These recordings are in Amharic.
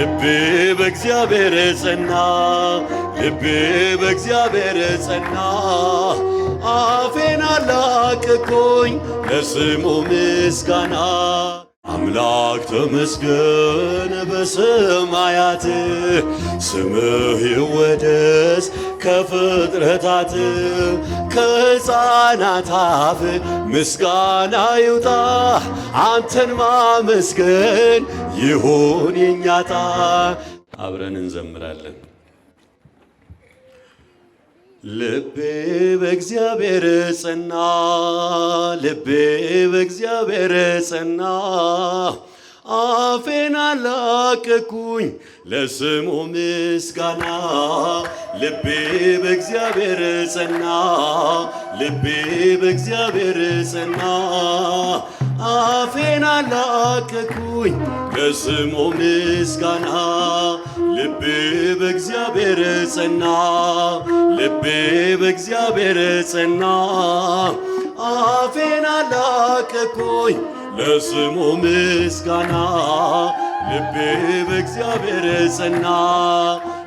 ልቤ በእግዚአብሔር ጸና፣ ልቤ በእግዚአብሔር ጸና። አፌን አላቅኩኝ ለስሙ ምስጋና አምላክ ተመስገን በሰማያት ስምህ ይወደስ ከፍጥረታት ከሕፃናት አፍ ምስጋና ይውጣ አንተን ማመስገን ይሁን የኛጣ አብረን እንዘምራለን። ልቤ በእግዚአብሔር ጸና፣ ልቤ በእግዚአብሔር ጸና፣ አፌን አላቀኩኝ ለስሙ ምስጋና። ልቤ በእግዚአብሔር ጸና፣ ልቤ በእግዚአብሔር ጸና፣ አፌን አላቀኩኝ ለስሙ ምስጋና ልቤ በእግዚአብሔር ጸና፣ ልቤ በእግዚአብሔር ጸና። አፌን አላቀኩኝ ለስሙ ምስጋና። ልቤ በእግዚአብሔር ጸና፣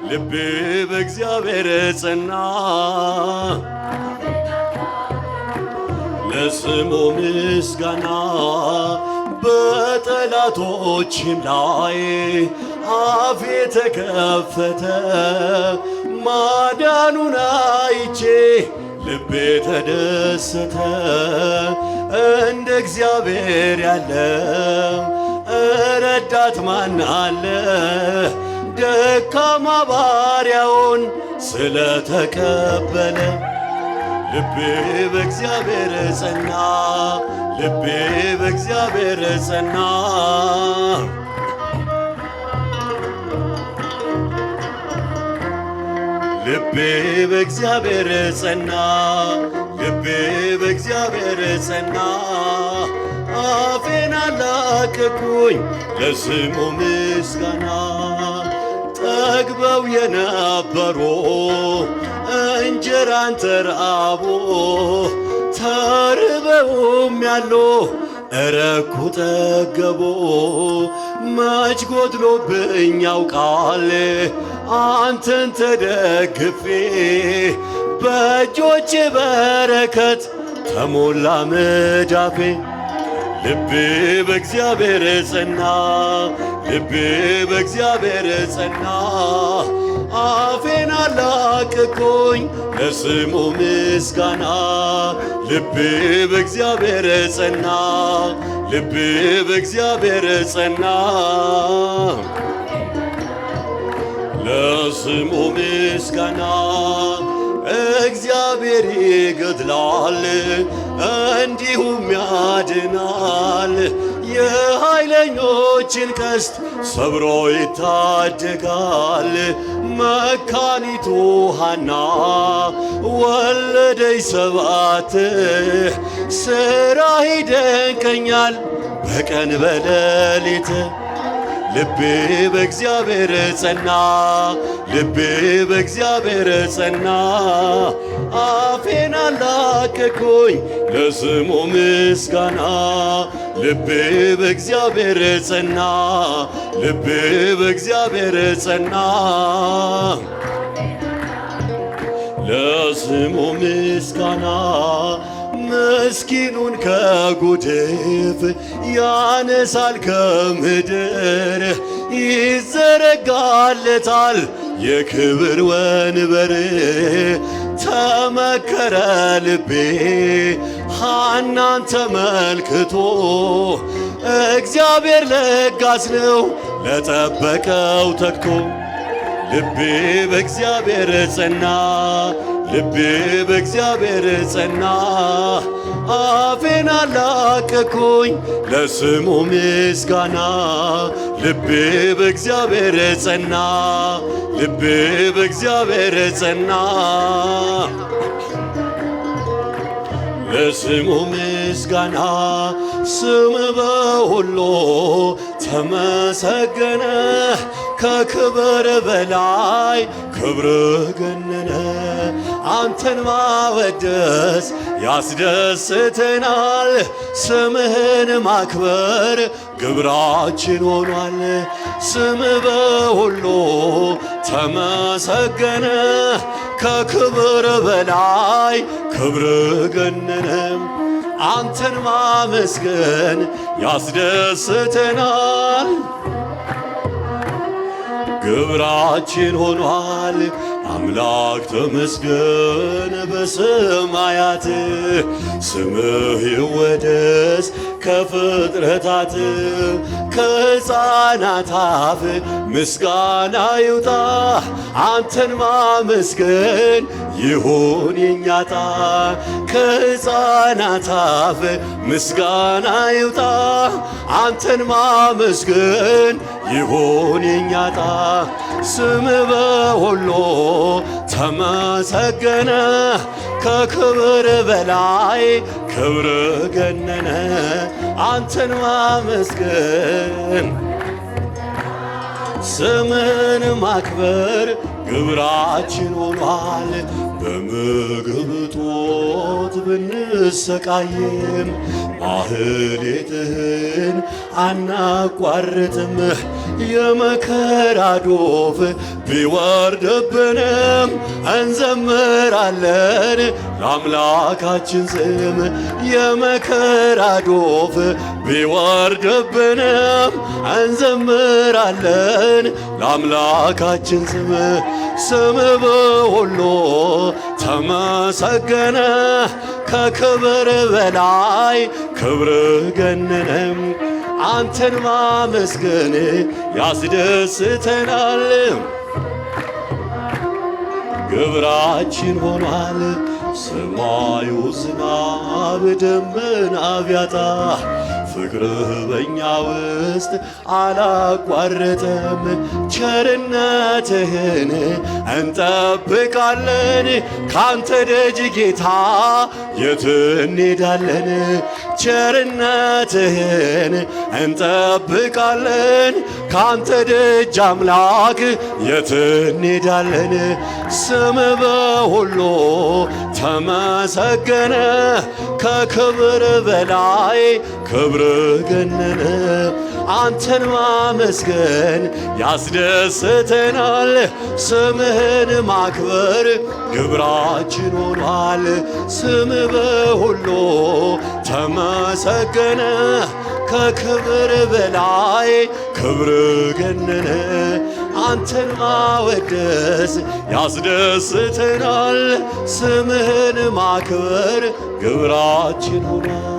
ልቤ በእግዚአብሔር ጸና። ለስሙ ምስጋና በጠላቶችም ላይ አፌ የተከፈተ ማዳኑን አይቼ ልቤ ተደሰተ። እንደ እግዚአብሔር ያለ ረዳት ማን አለ? ደካማ ባሪያውን ስለተቀበለ ልቤ በእግዚአብሔር ጸና፣ ልቤ በእግዚአብሔር ጸና። ልቤ በእግዚአብሔር ጸና፣ ልቤ በእግዚአብሔር ጸና። አፌን አላቀኩኝ ለስሙ ምስጋና ጠግበው የነበሩ እንጀራን ተራቦ ተርበውም ያሉ እረኩ ጠገቦ መች ጎድሎብኝ ያውቃል አንተን ተደግፌ በእጆች በረከት ተሞላ መዳፌ ልቤ በእግዚአብሔር ጸና ልቤ በእግዚአብሔር ጸና አፌን አላቅቆኝ ለስሙ ምስጋና ልቤ በእግዚአብሔር ጸና ልብ በእግዚአብሔር ጸና፣ ለስሙ ምስጋና። እግዚአብሔር ይገድላል እንዲሁም ያድናል። የኃይለኞችን ቀስት ሰብሮ ይታደጋል። መካኒቱ ሃና ወለደይ ሰባት፣ ስራ ይደንቀኛል በቀን በሌሊት። ልቤ በእግዚአብሔር ጸና፣ ልቤ በእግዚአብሔር ጸና። አፌን አላቀኩኝ ለስሙ ምስጋና ልብ በእግዚአብሔር ጸና፣ ልብ በእግዚአብሔር ጸና፣ ለስሙ ምስጋና ምስኪኑን ከጉድፍ ያነሳል ከምድር ይዘረጋለታል የክብር ወንበር ተመከረ ልቤ ሐናን ተመልክቶ እግዚአብሔር ለጋስ ነው ለጠበቀው ተግቶ ልቤ በእግዚአብሔር ጸና፣ ልቤ በእግዚአብሔር ጸና። አፌን አላቀኩኝ ለስሙ ምስጋና። ልቤ በእግዚአብሔር ጸና፣ ልቤ በእግዚአብሔር ጸና። ለስሙ ምስጋና ስም በሁሉ ተመሰገነ፣ ከክብር በላይ ክብር ገነነ። አንተን ማወደስ ያስደስተናል፣ ስምህን ማክበር ግብራችን ሆኗል። ስም በሁሉ ተመሰገነ፣ ከክብር በላይ ክብር ገነነም አንተን ማመስገን ያስደስተናል። ግብራችን ሆኗል አምላክ ተመስገን በሰማያት ስምህ ይወደስ ከፍጥረታት ከሕፃናት አፍ ምስጋና ይውጣ አንተን ማመስገን ይሁን የኛ ዕጣ። ከሕፃናት አፍ ምስጋና ይውጣ አንተን ማመስገን ይሁን የኛጣ ስም በሁሉ ተመሰገነ ከክብር በላይ ክብር ገነነ አንተን ማመስገን ስምን ማክበር ግብራችን ሆኗል። በምግብ እጦት ብንሰቃይም ማህሌትህን አናቋርጥም። የመከራ ዶፍ ቢወርድብንም እንዘምራለን ለአምላካችን ስም። የመከራ ዶፍ ቢወርድብንም እንዘምራለን ለአምላካችን ስም። ስም በሁሉ ተመሰገነ ከክብር በላይ ክብር ገነነም አንተን ማመስገን ያስደስተናል፣ ግብራችን ሆኗል። ሰማዩ ዝናብ ደመና ቢያጣ ፍቅርህ በእኛ ውስጥ አላቋረጠም። ቸርነትህን እንጠብቃለን። ካንተ ደጅ ጌታ የት እንሄዳለን? ቸርነትህን እንጠብቃለን። ካንተ ደጅ አምላክ የት እንሄዳለን? ስም በሁሉ ተመሰገነ ከክብር በላይ ክብር ገነነ። አንተን ማመስገን ያስደስተናል። ስምህን ማክበር ግብራችን ሆኗል። ስም በሁሉ ተመሰገነ ከክብር በላይ ክብር ገነነ። አንተን ማወደስ ያስደስተናል። ስምህን ማክበር ግብራችን ሆኗል።